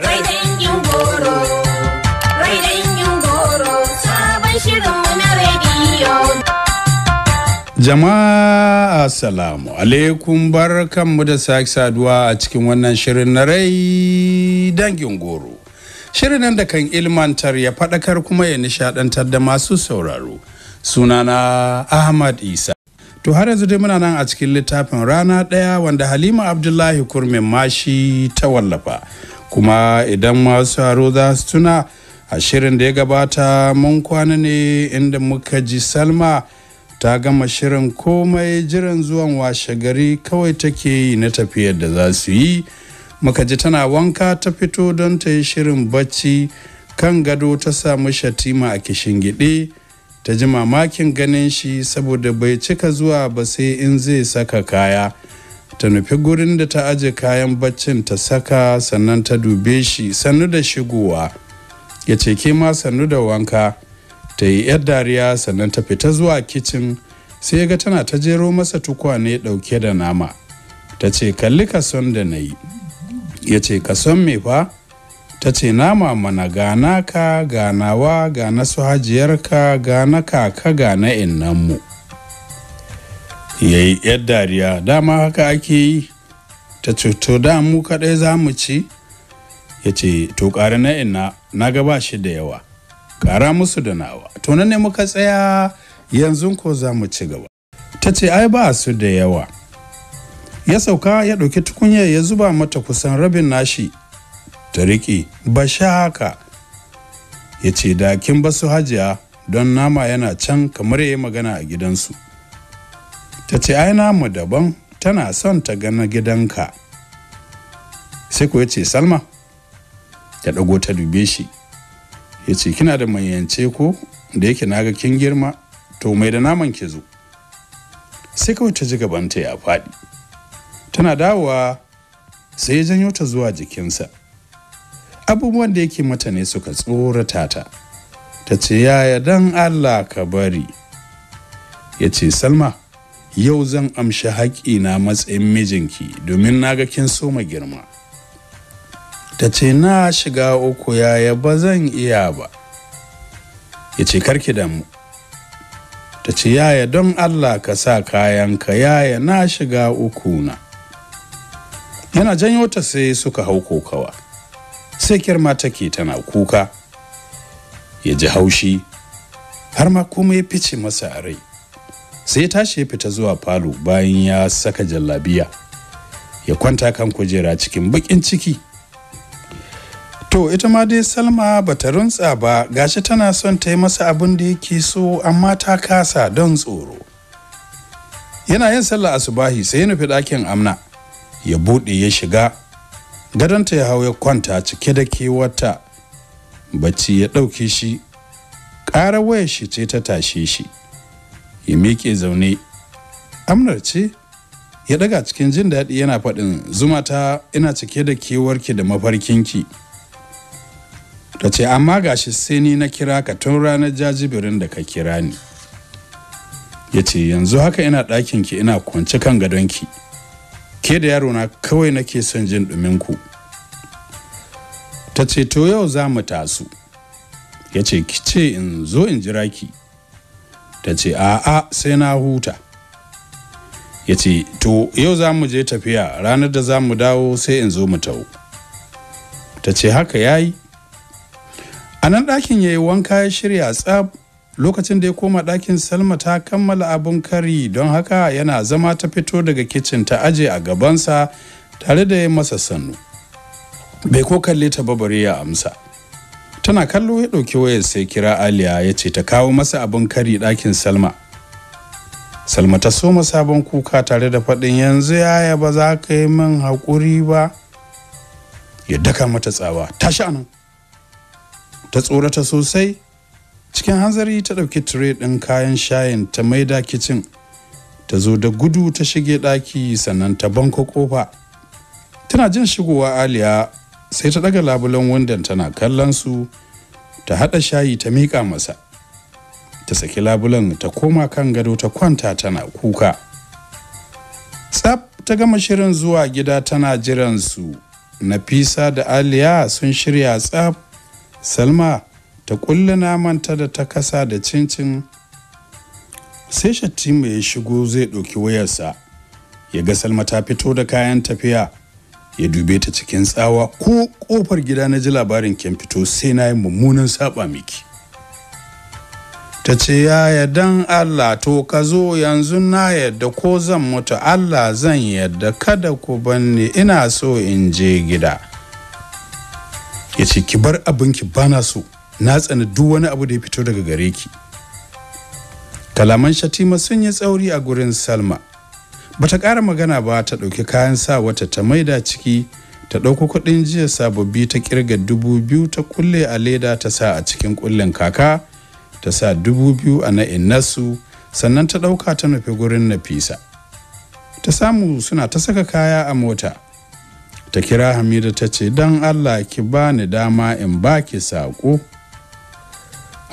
rai jama'a assalamu alaikum barkanmu da sake saduwa a cikin wannan shirin na rai dangin goro shirin nan da kan ilmantar ya faɗakar kuma ya nishaɗantar da masu sauraro sunana ahmad isa To har yanzu dai muna nan a cikin littafin rana ɗaya wanda Halima Abdullahi Kurmin Mashi ta wallafa. kuma idan masu haro za su tuna a shirin da ya gabata mun kwana ne inda muka ji salma ta gama shirin komai jiran zuwan washe gari kawai take yi na tafiyar da za su yi muka ji tana wanka ta fito don ta yi shirin bacci kan gado ta samu shatima a kishin gide ta ji mamakin ganin shi saboda bai cika zuwa ba sai in zai saka kaya. ta nufi gurin da ta aje kayan baccin ta saka sannan ta dube shi sannu da shigowa ya ce ke ma sannu da wanka ta yi yar dariya sannan ta fita zuwa kicin sai ga tana ta jero masa tukwane dauke da nama ta ce kalli kason da na yi ya ce kason me fa ta ce nama mana gana ka ganawa gana su hajiyarka gana kaka gana innanmu ya yi yar dariya dama haka ake yi ta ceto da mu kaɗai za mu ci ya ce to ƙara na ina na gaba shi da yawa ƙara musu da nawa to nan ne muka tsaya yanzu ko za mu ci gaba ta ce ai ba su da yawa ya sauka ya ɗauki tukunya ya zuba mata kusan rabin nashi ta riƙe ba sha haka ya ce da kin ba su hajiya don nama yana can kamar ya yi magana a gidansu ta ce ai namu daban tana son ta gana gidanka sai ku ce salma ta ɗago ta dube shi ya ce kina da mayance ko da yake naga kin girma to mai da naman ke zo sai kawai ta ji gabanta ya faɗi tana dawowa sai ya janyo ta zuwa jikinsa abubuwan da yake mata ne suka tsorata ta ta ce yaya dan allah ka bari ya ce salma yau zan amshi haƙi na matsayin mijinki domin na ga kin soma girma ta ce na shiga uku yaya ba zan iya ba ya ce karki damu ta ce yaya don allah ka sa kayanka yaya na shiga uku na yana janyo ta sai suka hau kokawa sai kirma take tana kuka ya ji haushi har ma kuma ya fice masa a rai sai ya tashi ya fita zuwa falo bayan ya saka jallabiya ya kwanta kan kujera cikin bakin ciki to ita ma dai salma bata runtsa ba gashi tana son ta yi masa abin da yake so amma ta kasa don tsoro yana yin sallah asubahi sai ya nufi ɗakin amna ya buɗe ya shiga gadonta ya hau ya kwanta cike da kewata bacci ya ɗauke shi ƙarar wayar shi ce ta tashe shi ya miƙe zaune amnar ce ya daga cikin jin daɗi yana faɗin zuma ta ina cike da kewarki da mafarkinki ta ce amma gashi sai ni na kira ka tun ranar jajibirin da ka kira ni ya ce yanzu haka ina ɗakin ki, ina kwance kan gadonki ke da yarona kawai nake son jin ɗuminku ta ce to yau za mu tasu ya ce ki ce in zo in jira ki ta ce a'a sai na huta ya ce to yau za mu je tafiya ranar da za mu dawo sai in zo mu tau ta ce haka ya yi a nan ɗakin ya yi wanka ya shirya tsab lokacin da ya koma ɗakin salma ta kammala abin kari don haka yana zama ta fito daga kicin ta aje a gabansa tare da ya masa sannu bai ko kalle ta babare ya amsa tana kallo ya ɗauki wayar sai kira aliya ya ce ta kawo masa abin kari ɗakin salma salma ta soma sabon kuka tare da faɗin yanzu yaya ba za ka yi min haƙuri ba ya daka mata tsawa ta nan ta tsorata sosai cikin hanzari ta ɗauki tire ɗin kayan shayin ta maida kicin ta zo da gudu ta shige ɗaki sannan ta banko ƙofa tana jin shigowa aliya sai ta daga labulan wundan tana kallon su ta hada shayi ta miƙa masa ta saki labulan ta koma kan gado ta kwanta tana kuka tsaf ta gama shirin zuwa gida tana jiran su nafisa da aliya sun shirya tsaf salma ta kulle namanta da ta kasa da cincin sai shatti mai shigo zai ɗauki wayarsa ya ga salma ta fito da kayan tafiya ya dube ta cikin tsawa ko kofar gida na ji labarin kyan fito sai na yi mummunan saba miki ta ce yaya, dan Allah to ka zo yanzu na yadda ko zan mutu Allah zan yadda kada ku banni ina so in je gida ya ce ki bar abinki bana so na tsani duk wani abu da ya fito daga gare ki kalaman shatima sun yi tsauri a gurin salma bata ƙara magana ba ta ɗauki kayan sa wata ta maida ciki ta ɗauko kuɗin jiya sababbi ta ƙirga dubu biyu ta kulle a leda ta sa a cikin kullen kaka ta sa dubu biyu a na innasu sannan ta ɗauka ta nufi gurin nafisa ta samu suna ta saka kaya a mota ta kira hamida ta ce don allah ki ba ni dama in ba ki saƙo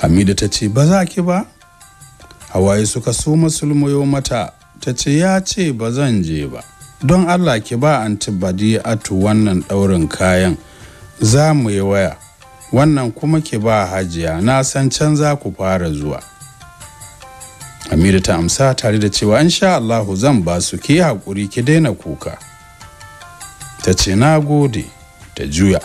hamida ta ce ba za ki ba hawaye suka so masulmayo mata ta ce ya ce ba zan je ba don allah ki ba antibadi atu wannan daurin kayan za mu yi waya wannan kuma ki ba hajiya na san can za ku fara zuwa amiru ta amsa tare da cewa in sha Allahu zan ba su ki haƙuri ki daina kuka. Ta ce na gode ta juya.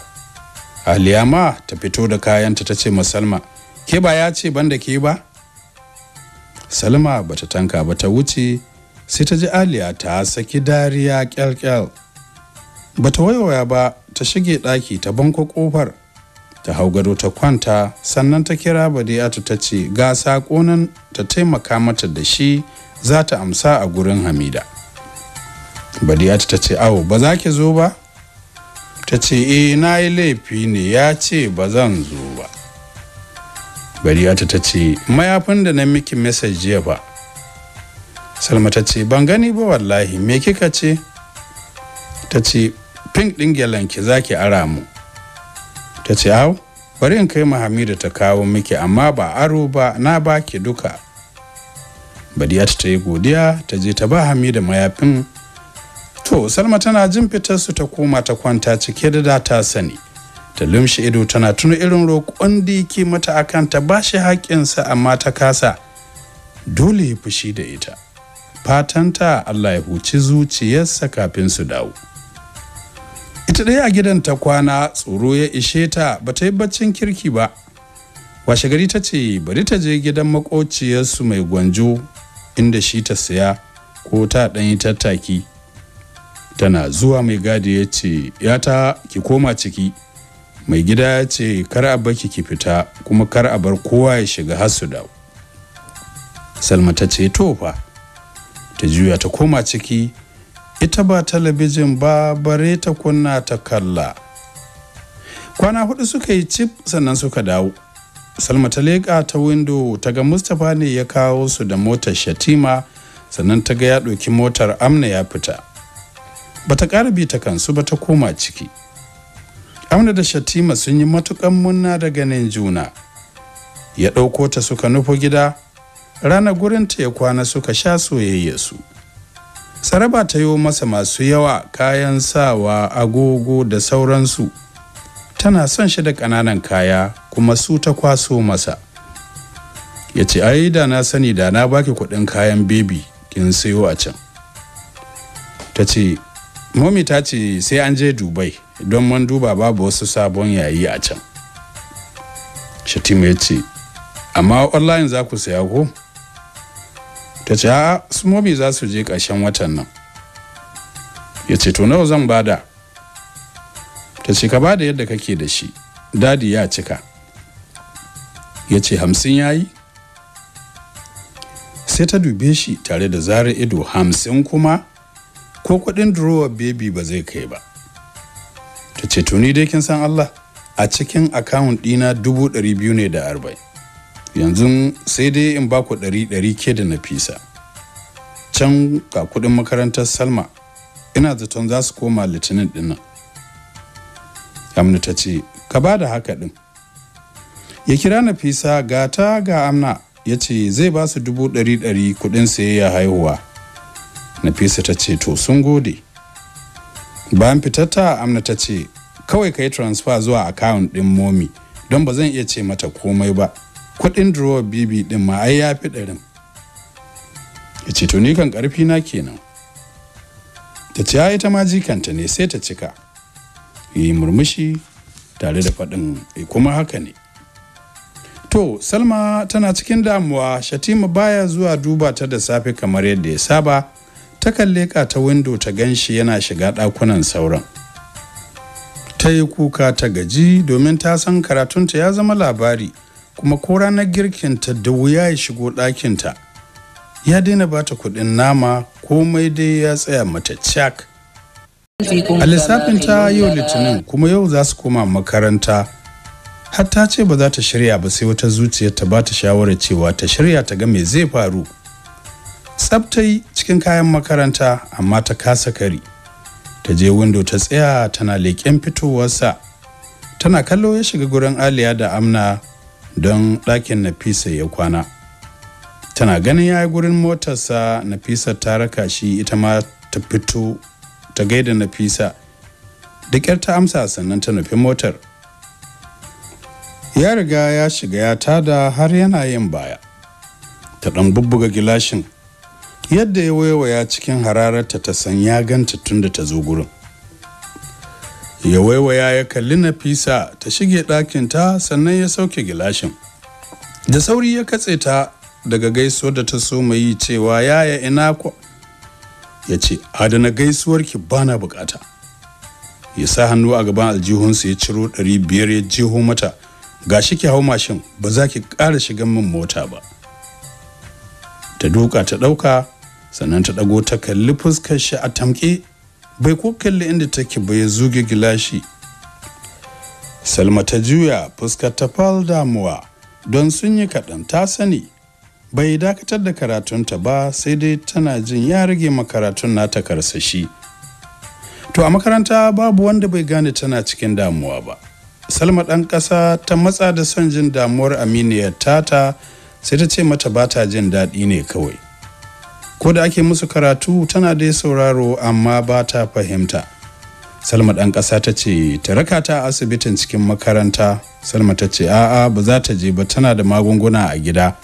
Aliyama ta fito da kayanta ta ce Salma ke ba ya ce banda ke ba? Salma bata tanka ba ta wuce sai ta ji aliya ta saki dariya kyalkyal ba ta waiwaya ba ta shige daki ta banko kofar. ta hau gado ta kwanta sannan ta kira badiyatu ta ce ga saƙonan ta taimaka mata da shi za ta amsa a gurin hamida badiyatu ta ce awo ba za ki zo ba ta ce e na yi laifi ne ya ce ba zan zo ba Bariyata ta ce mayafin da na miki mesaj jiya ba salma ta ce ban gani ba wallahi me kika ce ta ce pink ɗin gyalanki za ki ara mu ta ce hau bari in kai Hamida ta kawo miki amma ba aro ba na ba ki duka badiyata ta yi godiya ta je ta ba hamida mayafin to salma tana jin su ta koma ta kwanta cike da da ta sani ta lumshi ido tana tuna irin roƙon da yake mata akan ta ba shi haƙƙinsa amma ta kasa dole ya fushi da ita fatanta Allah ya huci zuciyarsa kafin su dawo. Ita ɗaya a gidan ta kwana tsoro ya ishe ta ba ta yi baccin kirki ba. Washe gari ta ce bari ta je gidan makociyarsu mai gwanjo inda shi ta saya ko ta ɗan yi tattaki. Tana zuwa mai gadi ya ce, 'Ya ta? ki koma ciki’. mai gida ya ce kar a baki ki fita kuma kar a bar kowa ya shiga har su dawo salma ta ce to fa ta juya ta koma ciki ita ba talabijin ba bare ta kunna ta kalla kwana hudu suka yi cip sannan suka dawo salma ta leƙa ta windo ta ga mustapha ne ya kawo su da motar shatima sannan ta ga ya ɗauki motar amna ya fita bata ƙara bi ta kansu ba ta koma ciki amna da shatima sun yi matuƙan munna daga nan juna ya ɗauko ta suka nufo gida ranar ta ya kwana suka sha soyayya su saraba ta yo masa masu yawa kayan sawa agogo da sauransu tana son shi da ƙananan kaya kuma su ta kwaso masa ya ce ai da na sani da na baki kuɗin kayan bebi kin sayo a can ta ce momi ta ce sai an je dubai don mun duba babu wasu sabon yayi a can shatima ya ce amma online za ku saya ko ta ce a mobi za su je ƙarshen watan nan ya ce to nawa zan bada ta ce ka bada yadda kake da shi dadi ya cika ya ce hamsin ya yi sai ta dube shi tare da zarar ido hamsin kuma ko kudin durowar bebi ba zai kai ba ta ce tuni dai kin san allah a cikin akawun ɗina dubu ɗari biyu ne da arba'in yanzu sai dai in ba ku ɗari ɗari ke da nafisa can ga kuɗin makarantar salma ina zaton za su koma litinin ɗin nan amna ta ce ka ba da haka ɗin ya kira nafisa gata ga amna ya ce zai ba su dubu ɗari ɗari kuɗin ya haihuwa nafisa ta ce to sun gode bayan fitata amna ta ce kawai ka yi transfer zuwa akawun ɗin momi don ba zan iya ce mata komai ba Kudin drawer bibi din ma ai ya fi ɗarin ya ce to ni kan ƙarfi na kenan ta ce ai ta ma jikanta ne sai ta cika yi murmushi tare da faɗin eh, kuma haka ne to salma tana cikin damuwa shatima baya zuwa duba ta da safe kamar yadda ya saba ta kalle ka ta windo ta ganshi yana shiga ɗakunan sauran ta yi kuka ta gaji domin ta san karatunta ya zama labari kuma ko ranar girkinta da wuya ya shigo ɗakinta ya daina ba ta kuɗin nama komai dai ya tsaya mata cak a lissafin ta yau litinin kuma yau za su koma makaranta har ta ce ba za ta shirya ba sai wata zuciya ta ba ta shawarar cewa ta shirya ta ga me zai faru tsabtai cikin kayan makaranta amma ta kasa kari ta je windo ta tsaya tana leƙen fitowarsa tana kallo ya shiga gurin aliya da amna don ɗakin nafisa ya kwana tana ganin ya yi gurin motarsa nafisa ta raka shi ita ma ta fito ta gaida nafisa duk yar ta amsa sannan ta nufi motar ya riga ya shiga ya tada har yana yin baya ta ɗan bubbuga gilashin yadda ya waiwaya cikin hararar ta san ya ganta tunda ta zo gurin ya waiwaya ya kalli nafisa ta shige ɗakinta sannan ya sauke gilashin da sauri ya katse ta daga gaisuwar da ta so yi cewa yaya ina ku ya ce adana ki, bana bukata ya sa hannu a gaban aljihunsa ya ciro ɗari biyar ya jiho mata Ga shi ki hau mashin ba za ki ƙara shiga min mota ba ta duka ta ɗauka sannan ta ɗago ta kalli fuskar shi a tamke bai ko kalli inda take ba ya zuge gilashi salma ta juya fuskar ta fal damuwa don sun yi kaɗan ta sani bai dakatar da karatunta ba sai dai tana jin ya rage makaratun nata karsashi to a makaranta babu wanda bai gane tana cikin damuwa ba salma ɗan ƙasa ta matsa da son jin damuwar aminiyar tata sai ta ce mata ba ta jin daɗi ne kawai ko da ake musu karatu tana dai sauraro amma ba ta fahimta salma ɗan ƙasa ta ce ta raka ta asibitin cikin makaranta salma ta ce a'a ba za ta je ba tana da magunguna a gida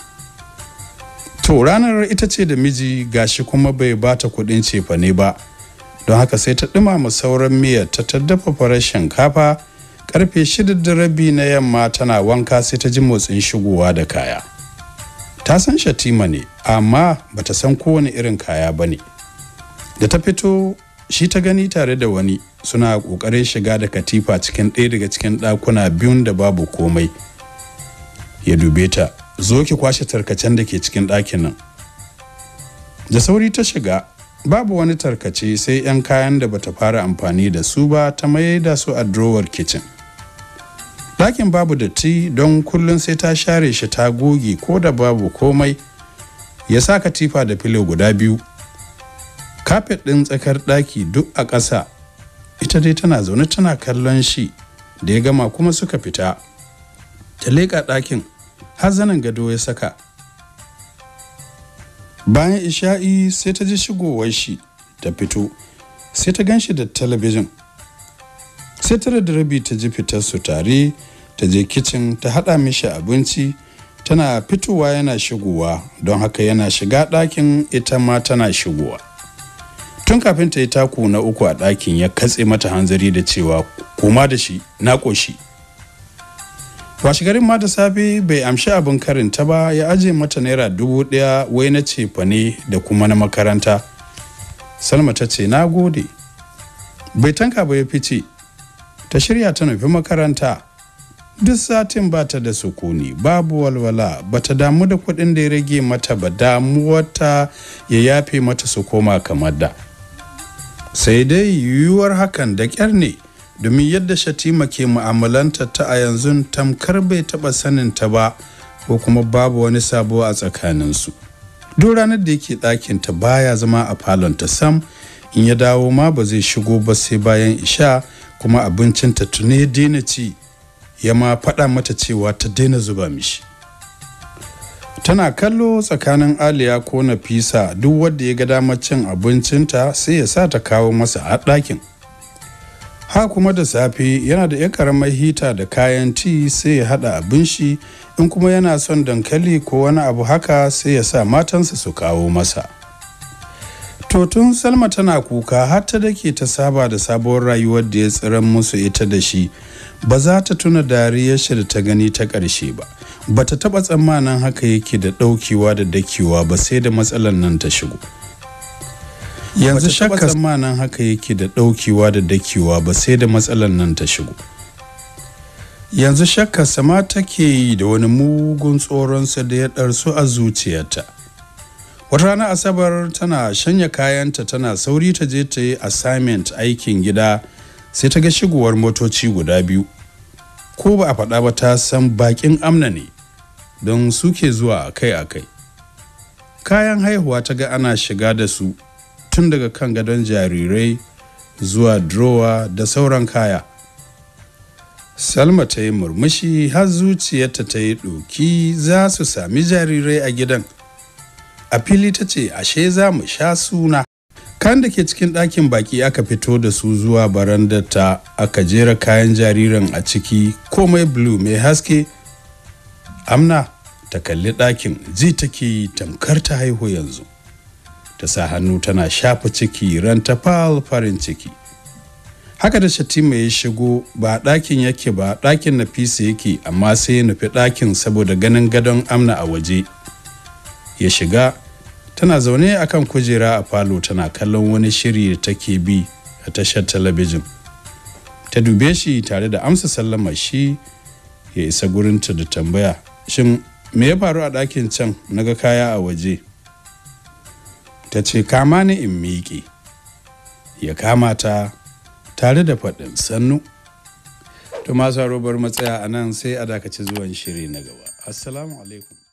to ranar ita ce da miji gashi kuma bai ba ta kuɗin cefane ba don haka sai ta ɗumama sauran miyar ta taddafa farar shinkafa karfe shida da rabi na yamma tana wanka sai ta ji motsin shigowa da kaya ta san shatima ne amma bata san kowane irin kaya ba ne da ta fito shi ta gani tare da wani suna ƙoƙarin shiga da katifa cikin ɗaya daga cikin ɗakuna biyun da babu komai ya dube ta zo ki kwashe tarkacen da ke cikin ɗakin nan da sauri ta shiga babu wani tarkace sai 'yan kayan da bata fara amfani da su ba ta maye da su a drawer kitchen ɗakin babu datti don kullum sai ta share shi ta goge ko da babu komai ya sa katifa da filo guda biyu kafet ɗin tsakar ɗaki duk a ƙasa ita dai tana zaune tana kallon shi da ya gama kuma suka fita ta leƙa ɗakin har zanen gado ya saka bayan isha'i sai ta ji shigowar shi ta fito sai ta gan shi da talabijin sai tara da rabi ta ji fitar su tare ta je kicin ta haɗa mishi abinci tana fitowa yana shigowa don haka yana shiga ɗakin ita ma tana shigowa tun kafin ta yi taku na uku a ɗakin ya katse mata hanzari da cewa koma da shi na ƙoshi washigarin ma da safe bai amshi abin karin ta ba ya aje mata naira dubu ɗaya wai na cefa ne da kuma na makaranta salma ta ce na gode bai tanka ba ya fice ta shirya ta nufi makaranta duk satin ba ta da sukuni babu walwala ba ta damu da kuɗin da ya rage mata ba damuwarta ya yafe mata su koma kamar da sai dai yiwuwar hakan da ƙyar ne domin yadda shatima ke mu'amalanta ta a yanzu tamkar bai taɓa sanin ta ba ko kuma babu wani sabo a tsakaninsu duk ranar da yake ɗakin ta baya zama a falon ta sam in ya dawo ma ba zai shigo ba sai bayan isha kuma abincinta tuni daina ci ya ma faɗa mata cewa ta daina zuba mishi tana kallo tsakanin aliya ko nafisa duk wanda ya ga damar cin abincinta sai ya sa ta kawo masa a ɗakin ha kuma da safe yana da 'yan karamar hita da kayan ti sai ya haɗa abin shi in kuma yana son dankali ko wani abu haka sai ya sa matansa su kawo masa to tun salma tana kuka har ta dake ta saba da sabuwar rayuwar da ya tsiran musu ita da shi ba za ta tuna dariyar shi da ta gani ta ƙarshe ba ba ta taɓa tsammanin haka yake da ɗaukewa da dakewa ba sai da matsalar nan ta shigo yanzu shakka tsammanin haka yake da ɗaukewa da dakewa ba sai da matsalar nan ta shigo yanzu shakka sama take yi da wani mugun tsoronsa da ya ɗarsu a zuciyarta wata rana asabar tana shanya kayanta tana sauri ta je ta yi assignment aikin gida sai ta ga shigowar motoci guda biyu ko ba a faɗa ba ta san bakin amna ne don suke zuwa kai a kai. kayan haihuwa ta ga ana shiga da su tun daga kan gadon jarirai zuwa drowa da sauran kaya salma ta yi murmushi har zuciyarta ta yi ɗoki za su sami jarirai a gidan a fili ta ce ashe za mu sha suna kan da ke cikin ɗakin baki aka fito da su zuwa barandar ta aka jera kayan jaririn a ciki komai blue mai haske amna ta kalli ɗakin ji take tamkar ta haihu yanzu ta sa hannu tana shafa ciki ran ta fal farin ciki haka da shatima ya shigo ba ɗakin yake ba ɗakin na nafisa yake amma sai ya nufi ɗakin saboda ganin gadon amna a waje ya shiga tana zaune a kan kujera a falo tana kallon wani shiri da take bi a tashar talabijin ta dube shi tare da amsa sallama shi ya isa gurinta da tambaya shin me ya faru a dakin can na ga kaya a waje ta ce kama ni in miƙe ya kama ta tare da faɗin sannu to masu robar matsaya a nan sai a dakaci zuwan shiri na gaba assalamu alaikum